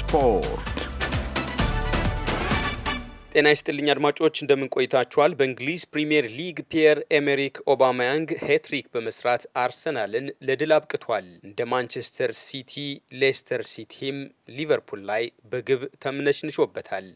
spor. ጤና ይስጥልኝ አድማጮች፣ እንደምን ቆይታችኋል? በእንግሊዝ ፕሪምየር ሊግ ፒየር ኤሜሪክ ኦባማያንግ ሄትሪክ በመስራት አርሰናልን ለድል አብቅቷል። እንደ ማንቸስተር ሲቲ፣ ሌስተር ሲቲም ሊቨርፑል ላይ በግብ ተምነሽንሾበታል።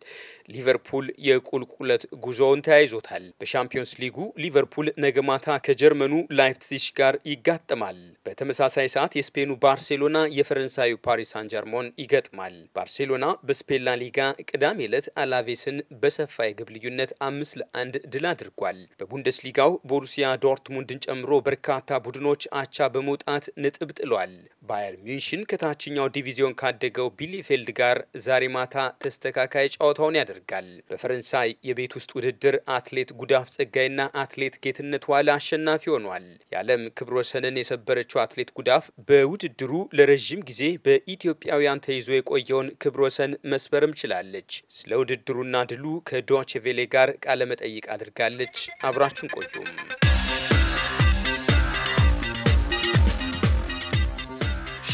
ሊቨርፑል የቁልቁለት ጉዞውን ተያይዞታል። በሻምፒዮንስ ሊጉ ሊቨርፑል ነገ ማታ ከጀርመኑ ላይፕዚሽ ጋር ይጋጠማል። በተመሳሳይ ሰዓት የስፔኑ ባርሴሎና የፈረንሳዩ ፓሪስ ጀርሞን ይገጥማል። ባርሴሎና በስፔን ላ ሊጋ ቅዳሜ ዕለት አላቬስን በሰፋ የግብ ልዩነት አምስት ለአንድ ድል አድርጓል። በቡንደስሊጋው ቦሩሲያ ዶርትሙንድን ጨምሮ በርካታ ቡድኖች አቻ በመውጣት ነጥብ ጥሏል። ባየር ሚንሽን ከታችኛው ዲቪዚዮን ካደገው ቢሊፌልድ ጋር ዛሬ ማታ ተስተካካይ ጨዋታውን ያደርጋል። በፈረንሳይ የቤት ውስጥ ውድድር አትሌት ጉዳፍ ጸጋይና አትሌት ጌትነት ዋላ አሸናፊ ሆኗል። የዓለም ክብረ ወሰንን የሰበረችው አትሌት ጉዳፍ በውድድሩ ለረዥም ጊዜ በኢትዮጵያውያን ተይዞ የቆየውን ክብረ ወሰን መስበርም ችላለች። ስለ ውድድሩና ድሉ ከዶች ቬሌ ጋር ቃለመጠይቅ አድርጋለች። አብራችን ቆዩም።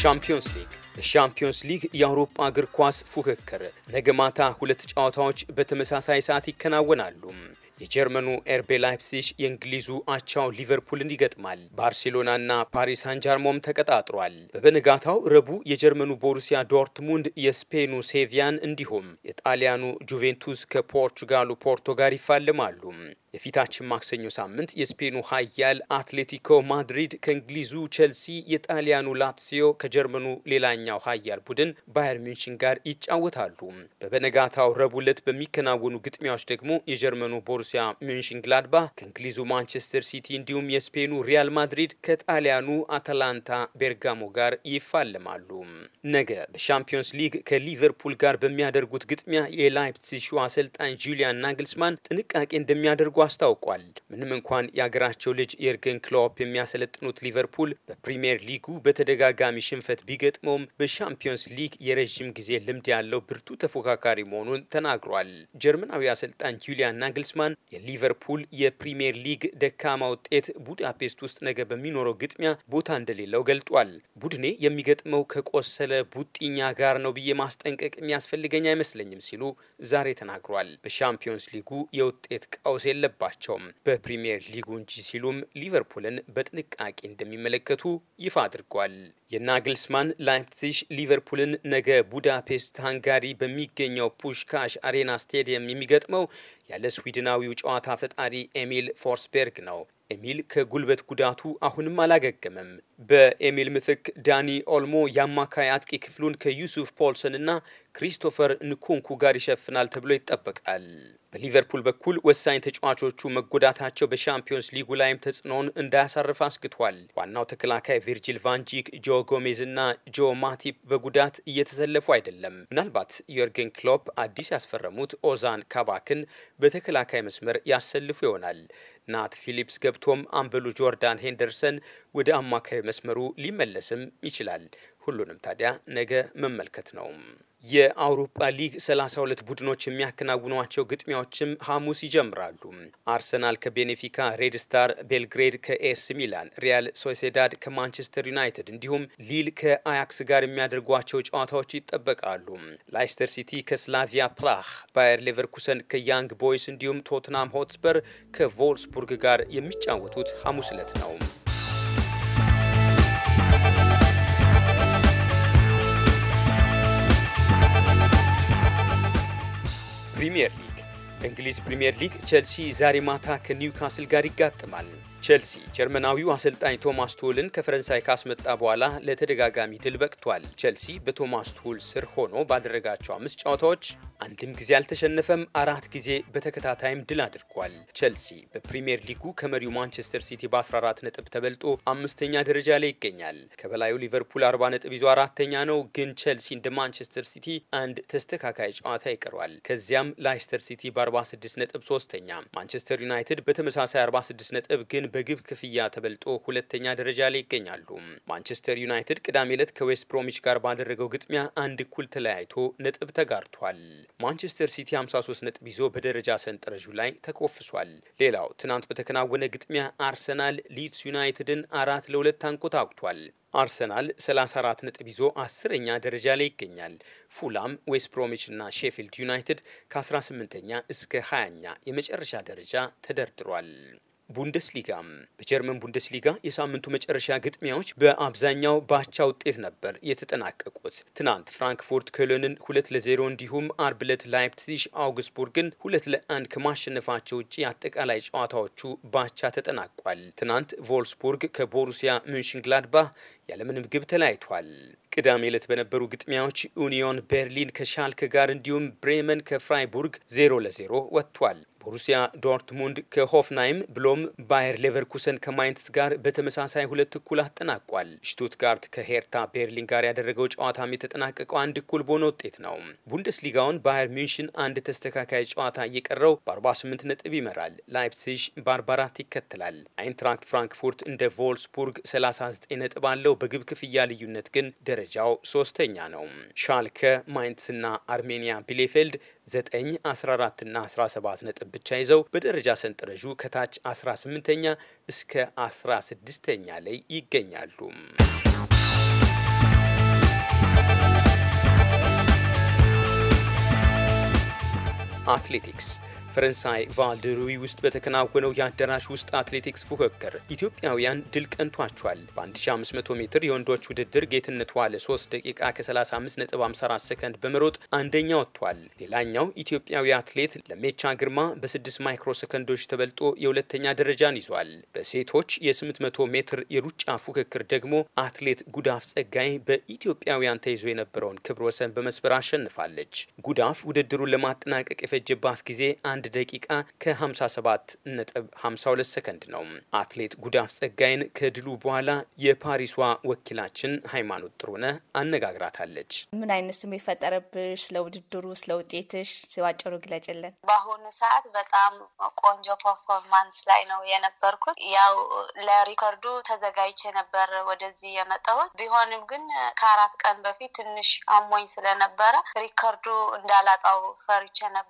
ሻምፒዮንስ ሊግ ሻምፒዮንስ ሊግ የአውሮፓ እግር ኳስ ፉክክር ነገ ማታ ሁለት ጨዋታዎች በተመሳሳይ ሰዓት ይከናወናሉ። የጀርመኑ ኤርቤ ላይፕሲሽ የእንግሊዙ አቻው ሊቨርፑልን ይገጥማል። ባርሴሎናና ፓሪስ አንጃርሞም ተቀጣጥሯል። በበንጋታው ረቡዕ የጀርመኑ ቦሩሲያ ዶርትሙንድ የስፔኑ ሴቪያን እንዲሁም የጣሊያኑ ጁቬንቱስ ከፖርቹጋሉ ፖርቶ ጋር ይፋለማሉ። የፊታችን ማክሰኞ ሳምንት የስፔኑ ኃያል አትሌቲኮ ማድሪድ ከእንግሊዙ ቼልሲ፣ የጣሊያኑ ላትሲዮ ከጀርመኑ ሌላኛው ኃያል ቡድን ባየር ሚንሽን ጋር ይጫወታሉ። በበነጋታው ረቡዕ ዕለት በሚከናወኑ ግጥሚያዎች ደግሞ የጀርመኑ ቦሩሲያ ሚንሽን ግላድባ ከእንግሊዙ ማንቸስተር ሲቲ እንዲሁም የስፔኑ ሪያል ማድሪድ ከጣሊያኑ አታላንታ ቤርጋሞ ጋር ይፋለማሉ። ነገ በሻምፒዮንስ ሊግ ከሊቨርፑል ጋር በሚያደርጉት ግጥሚያ የላይፕሲሹ አሰልጣኝ ጁሊያን ናግልስማን ጥንቃቄ እንደሚያደርጉ አስታውቋል። ምንም እንኳን የአገራቸው ልጅ የርገን ክሎፕ የሚያሰለጥኑት ሊቨርፑል በፕሪምየር ሊጉ በተደጋጋሚ ሽንፈት ቢገጥመውም በሻምፒዮንስ ሊግ የረዥም ጊዜ ልምድ ያለው ብርቱ ተፎካካሪ መሆኑን ተናግሯል። ጀርመናዊ አሰልጣን ጁሊያን ናግልስማን የሊቨርፑል የፕሪምየር ሊግ ደካማ ውጤት ቡዳፔስት ውስጥ ነገ በሚኖረው ግጥሚያ ቦታ እንደሌለው ገልጧል። ቡድኔ የሚገጥመው ከቆሰለ ቡጢኛ ጋር ነው ብዬ ማስጠንቀቅ የሚያስፈልገኝ አይመስለኝም ሲሉ ዛሬ ተናግሯል። በሻምፒዮንስ ሊጉ የውጤት ቀውስ የለም አለባቸውም። በፕሪምየር ሊጉ እንጂ ሲሉም ሊቨርፑልን በጥንቃቄ እንደሚመለከቱ ይፋ አድርጓል። የናግልስማን ላይፕዚሽ ሊቨርፑልን ነገ ቡዳፔስት ሃንጋሪ በሚገኘው ፑሽካሽ አሬና ስቴዲየም የሚገጥመው ያለ ስዊድናዊው ጨዋታ ፈጣሪ ኤሚል ፎርስቤርግ ነው። ኤሚል ከጉልበት ጉዳቱ አሁንም አላገገመም። በኤሚል ምትክ ዳኒ ኦልሞ የአማካይ አጥቂ ክፍሉን ከዩሱፍ ፖልሰን እና ክሪስቶፈር ንኩንኩ ጋር ይሸፍናል ተብሎ ይጠበቃል። በሊቨርፑል በኩል ወሳኝ ተጫዋቾቹ መጎዳታቸው በሻምፒዮንስ ሊጉ ላይም ተጽዕኖውን እንዳያሳርፍ አስግቷል። ዋናው ተከላካይ ቪርጂል ቫንጂክ፣ ጆ ጎሜዝ እና ጆ ማቲፕ በጉዳት እየተሰለፉ አይደለም። ምናልባት ዮርገን ክሎፕ አዲስ ያስፈረሙት ኦዛን ካባክን በተከላካይ መስመር ያሰልፉ ይሆናል። ናት ፊሊፕስ ገብቶም አምበሉ ጆርዳን ሄንደርሰን ወደ አማካይ መስመሩ ሊመለስም ይችላል። ሁሉንም ታዲያ ነገ መመልከት ነው። የአውሮፓ ሊግ 32 ቡድኖች የሚያከናውኗቸው ግጥሚያዎችም ሐሙስ ይጀምራሉ። አርሰናል ከቤኔፊካ፣ ሬድ ስታር ቤልግሬድ ከኤስ ሚላን፣ ሪያል ሶሴዳድ ከማንቸስተር ዩናይትድ እንዲሁም ሊል ከአያክስ ጋር የሚያደርጓቸው ጨዋታዎች ይጠበቃሉ። ላይስተር ሲቲ ከስላቪያ ፕራህ፣ ባየር ሌቨርኩሰን ከያንግ ቦይስ እንዲሁም ቶትናም ሆትስፐር ከቮልስቡርግ ጋር የሚጫወቱት ሐሙስ ዕለት ነው። በእንግሊዝ ፕሪምየር ሊግ ቼልሲ ዛሬ ማታ ከኒውካስል ጋር ይጋጥማል። ቼልሲ ጀርመናዊው አሰልጣኝ ቶማስ ቱልን ከፈረንሳይ ካስመጣ በኋላ ለተደጋጋሚ ድል በቅቷል። ቼልሲ በቶማስ ቱል ስር ሆኖ ባደረጋቸው አምስት ጨዋታዎች አንድም ጊዜ አልተሸነፈም። አራት ጊዜ በተከታታይም ድል አድርጓል። ቼልሲ በፕሪምየር ሊጉ ከመሪው ማንቸስተር ሲቲ በ14 ነጥብ ተበልጦ አምስተኛ ደረጃ ላይ ይገኛል። ከበላዩ ሊቨርፑል 40 ነጥብ ይዞ አራተኛ ነው። ግን ቼልሲ እንደ ማንቸስተር ሲቲ አንድ ተስተካካይ ጨዋታ ይቀሯል። ከዚያም ላይስተር ሲቲ በ46 ነጥብ ሶስተኛ፣ ማንቸስተር ዩናይትድ በተመሳሳይ 46 ነጥብ ግን በ በግብ ክፍያ ተበልጦ ሁለተኛ ደረጃ ላይ ይገኛሉ። ማንቸስተር ዩናይትድ ቅዳሜ ዕለት ከዌስት ብሮሚች ጋር ባደረገው ግጥሚያ አንድ እኩል ተለያይቶ ነጥብ ተጋርቷል። ማንቸስተር ሲቲ 53 ነጥብ ይዞ በደረጃ ሰንጠረዡ ላይ ተኮፍሷል። ሌላው ትናንት በተከናወነ ግጥሚያ አርሰናል ሊድስ ዩናይትድን አራት ለሁለት አንኮታኩቷል። አርሰናል 34 ነጥብ ይዞ አስረኛ ደረጃ ላይ ይገኛል። ፉላም፣ ዌስት ብሮሚች እና ሼፊልድ ዩናይትድ ከ18ኛ እስከ 20ኛ የመጨረሻ ደረጃ ተደርድሯል። ቡንደስሊጋ በጀርመን ቡንደስሊጋ የሳምንቱ መጨረሻ ግጥሚያዎች በአብዛኛው ባቻ ውጤት ነበር የተጠናቀቁት። ትናንት ፍራንክፉርት ኮሎንን ሁለት ለዜሮ እንዲሁም አርብ ዕለት ላይፕሲሽ አውግስቡርግን ሁለት ለአንድ ከማሸነፋቸው ውጭ አጠቃላይ ጨዋታዎቹ ባቻ ተጠናቋል። ትናንት ቮልስቡርግ ከቦሩሲያ ምንሽንግላድባህ ያለምንም ግብ ተለያይቷል። ቅዳሜ ዕለት በነበሩ ግጥሚያዎች ዩኒዮን ቤርሊን ከሻልክ ጋር እንዲሁም ብሬመን ከፍራይቡርግ ዜሮ ለዜሮ ወጥቷል። ቦሩሲያ ዶርትሙንድ ከሆፍናይም ብሎም ባየር ሌቨርኩሰን ከማይንትስ ጋር በተመሳሳይ ሁለት እኩል አጠናቋል። ሽቱትጋርት ከሄርታ ቤርሊን ጋር ያደረገው ጨዋታም የተጠናቀቀው አንድ እኩል በሆነ ውጤት ነው። ቡንደስሊጋውን ባየር ሚንሽን አንድ ተስተካካይ ጨዋታ እየቀረው በ48 ነጥብ ይመራል። ላይፕሲሽ በ44 ይከተላል። አይንትራክት ፍራንክፉርት እንደ ቮልስቡርግ 39 ነጥብ አለው። በግብ ክፍያ ልዩነት ግን ደረጃው ሶስተኛ ነው። ሻልከ ማይንትስና አርሜኒያ ቢሌፌልድ 9፣ 14 ና 17 ነጥብ ብቻ ይዘው በደረጃ ሰንጠረዡ ከታች 18ኛ እስከ 16ኛ ላይ ይገኛሉ። አትሌቲክስ ፈረንሳይ ቫልድሩይ ውስጥ በተከናወነው የአዳራሽ ውስጥ አትሌቲክስ ፉክክር ኢትዮጵያውያን ድል ቀንቷቸዋል። በ1500 ሜትር የወንዶች ውድድር ጌትነት ዋለ 3 ደቂቃ ከ35.54 ሰከንድ በመሮጥ አንደኛ ወጥቷል። ሌላኛው ኢትዮጵያዊ አትሌት ለሜቻ ግርማ በ6 ማይክሮ ሰከንዶች ተበልጦ የሁለተኛ ደረጃን ይዟል። በሴቶች የ800 ሜትር የሩጫ ፉክክር ደግሞ አትሌት ጉዳፍ ጸጋይ በኢትዮጵያውያን ተይዞ የነበረውን ክብረ ወሰን በመስበር አሸንፋለች። ጉዳፍ ውድድሩን ለማጠናቀቅ የፈጀባት ጊዜ 1 ደቂቃ ከ57 ነጥብ 52 ሰከንድ ነው። አትሌት ጉዳፍ ጸጋይን ከድሉ በኋላ የፓሪሷ ወኪላችን ሃይማኖት ጥሩነህ አነጋግራታለች። ምን አይነት ስም የፈጠረብሽ ስለ ውድድሩ፣ ስለ ውጤትሽ ሲዋጭሩ ግለጭልን። በአሁኑ ሰዓት በጣም ቆንጆ ፐርፎርማንስ ላይ ነው የነበርኩት። ያው ለሪከርዱ ተዘጋጅቼ ነበር ወደዚህ የመጣሁት ቢሆንም ግን ከአራት ቀን በፊት ትንሽ አሞኝ ስለነበረ ሪከርዱ እንዳላጣው ፈርቼ ነበረ።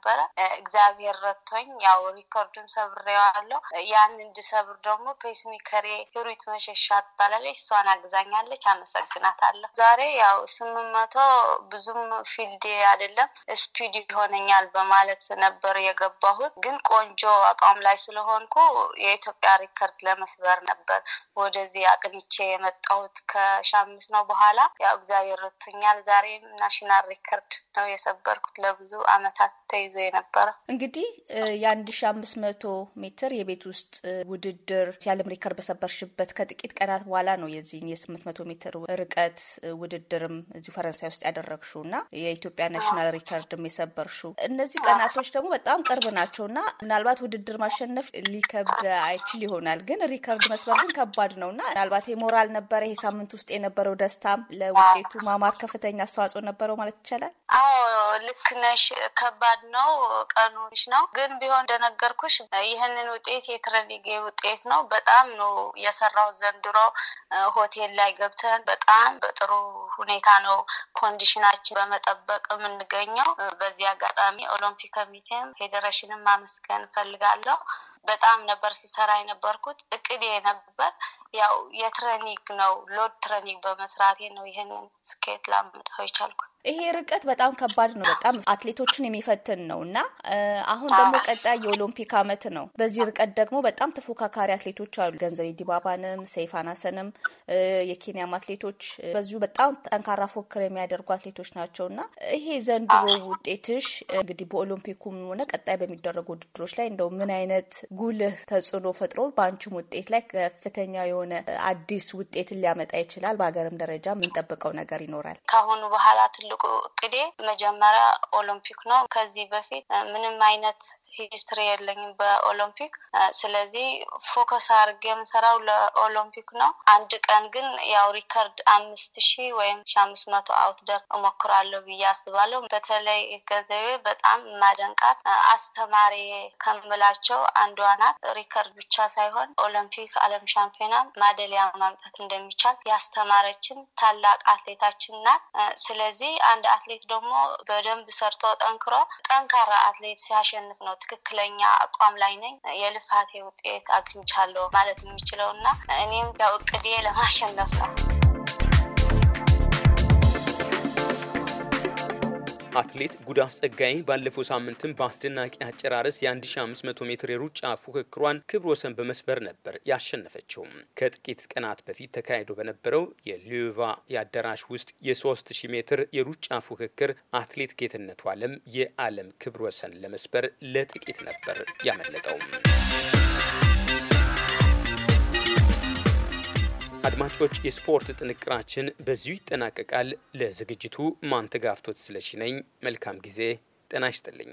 እግዚአብሔር ረቶኝ ያው ሪኮርዱን ሰብሬዋለሁ። ያን እንድሰብር ደግሞ ፔስሜከሬ ሂሩት መሸሻ ትባላለች። እሷን አግዛኛለች። አመሰግናታለሁ። ዛሬ ያው ስምንት መቶ ብዙም ፊልድ አይደለም ስፒድ ይሆነኛል በማለት ነበር የገባሁት። ግን ቆንጆ አቋም ላይ ስለሆንኩ የኢትዮጵያ ሪከርድ ለመስበር ነበር ወደዚህ አቅንቼ የመጣሁት ከሻምስ ነው በኋላ ያው እግዚአብሔር ረቶኛል። ዛሬም ናሽናል ሪከርድ ነው የሰበርኩት ለብዙ አመታት ተይዞ የነበረ እንግዲህ የ1500 መቶ ሜትር የቤት ውስጥ ውድድር የዓለም ሪከርድ በሰበርሽበት ከጥቂት ቀናት በኋላ ነው የዚህ የ800 ሜትር ርቀት ውድድርም እዚሁ ፈረንሳይ ውስጥ ያደረግሹ እና የኢትዮጵያ ናሽናል ሪከርድም የሰበርሹ እነዚህ ቀናቶች ደግሞ በጣም ቅርብ ናቸው እና ምናልባት ውድድር ማሸነፍ ሊከብድ አይችል ይሆናል፣ ግን ሪከርድ መስበር ግን ከባድ ነው እና ምናልባት የሞራል ነበረ ይሄ ሳምንት ውስጥ የነበረው ደስታም ለውጤቱ ማማር ከፍተኛ አስተዋጽኦ ነበረው ማለት ይቻላል። አዎ ልክ ነሽ። ከባድ ነው። ቀኑሽ ነው ነው። ግን ቢሆን እንደነገርኩሽ ይህንን ውጤት የትረሊጌ ውጤት ነው። በጣም ነው የሰራው። ዘንድሮ። ሆቴል ላይ ገብተን በጣም በጥሩ ሁኔታ ነው ኮንዲሽናችን በመጠበቅ የምንገኘው። በዚህ አጋጣሚ ኦሎምፒክ ኮሚቴም ፌዴሬሽንም ማመስገን እፈልጋለሁ። በጣም ነበር ሲሰራ የነበርኩት። እቅድ ነበር ያው የትረኒግ ነው ሎድ ትሬኒንግ በመስራቴ ነው ይህንን ስኬት ላምጣው የቻልኩት። ይሄ ርቀት በጣም ከባድ ነው። በጣም አትሌቶችን የሚፈትን ነው እና አሁን ደግሞ ቀጣይ የኦሎምፒክ አመት ነው። በዚህ ርቀት ደግሞ በጣም ተፎካካሪ አትሌቶች አሉ። ገንዘቤ ዲባባንም፣ ሰይፍ አናሰንም የኬንያም አትሌቶች በዚሁ በጣም ጠንካራ ፎክር የሚያደርጉ አትሌቶች ናቸው እና ይሄ ዘንድሮ ውጤትሽ እንግዲህ በኦሎምፒኩም ሆነ ቀጣይ በሚደረጉ ውድድሮች ላይ እንደው ምን አይነት ጉልህ ተጽዕኖ ፈጥሮ በአንቺም ውጤት ላይ ከፍተኛ የሆነ አዲስ ውጤትን ሊያመጣ ይችላል? በሀገርም ደረጃ የምንጠብቀው ነገር ይኖራል ከአሁኑ በኋላ ትልቁ እቅዴ መጀመሪያ ኦሎምፒክ ነው። ከዚህ በፊት ምንም አይነት ሂስትሪ የለኝም በኦሎምፒክ። ስለዚህ ፎከስ አድርጌ የምሰራው ለኦሎምፒክ ነው። አንድ ቀን ግን ያው ሪከርድ አምስት ሺ ወይም ሺ አምስት መቶ አውትደር እሞክራለሁ ብዬ አስባለሁ። በተለይ ገንዘቤ በጣም ማደንቃት አስተማሪ ከምላቸው አንዷ ናት። ሪከርድ ብቻ ሳይሆን ኦሎምፒክ ዓለም ሻምፒዮና ማደሊያ ማምጣት እንደሚቻል ያስተማረችን ታላቅ አትሌታችን ናት። ስለዚህ አንድ አትሌት ደግሞ በደንብ ሰርቶ ጠንክሮ ጠንካራ አትሌት ሲያሸንፍ ነው ትክክለኛ አቋም ላይ ነኝ፣ የልፋቴ ውጤት አግኝቻለሁ ማለት ነው የሚችለው እና እኔም ያው እቅዴ ለማሸነፍ ነው። አትሌት ጉዳፍ ጸጋይ ባለፈው ሳምንትም በአስደናቂ አጨራረስ የ1500 ሜትር የሩጫ ፉክክሯን ክብር ወሰን በመስበር ነበር ያሸነፈችው። ከጥቂት ቀናት በፊት ተካሂዶ በነበረው የሊዮቫ የአዳራሽ ውስጥ የ3000 ሜትር የሩጫ ፉክክር አትሌት ጌትነቱ ዓለም የዓለም ክብር ወሰን ለመስበር ለጥቂት ነበር ያመለጠው። አድማጮች፣ የስፖርት ጥንቅራችን በዚሁ ይጠናቀቃል። ለዝግጅቱ ማንተጋፍቶት ስለሺ ነኝ። መልካም ጊዜ። ጤና ይስጥልኝ።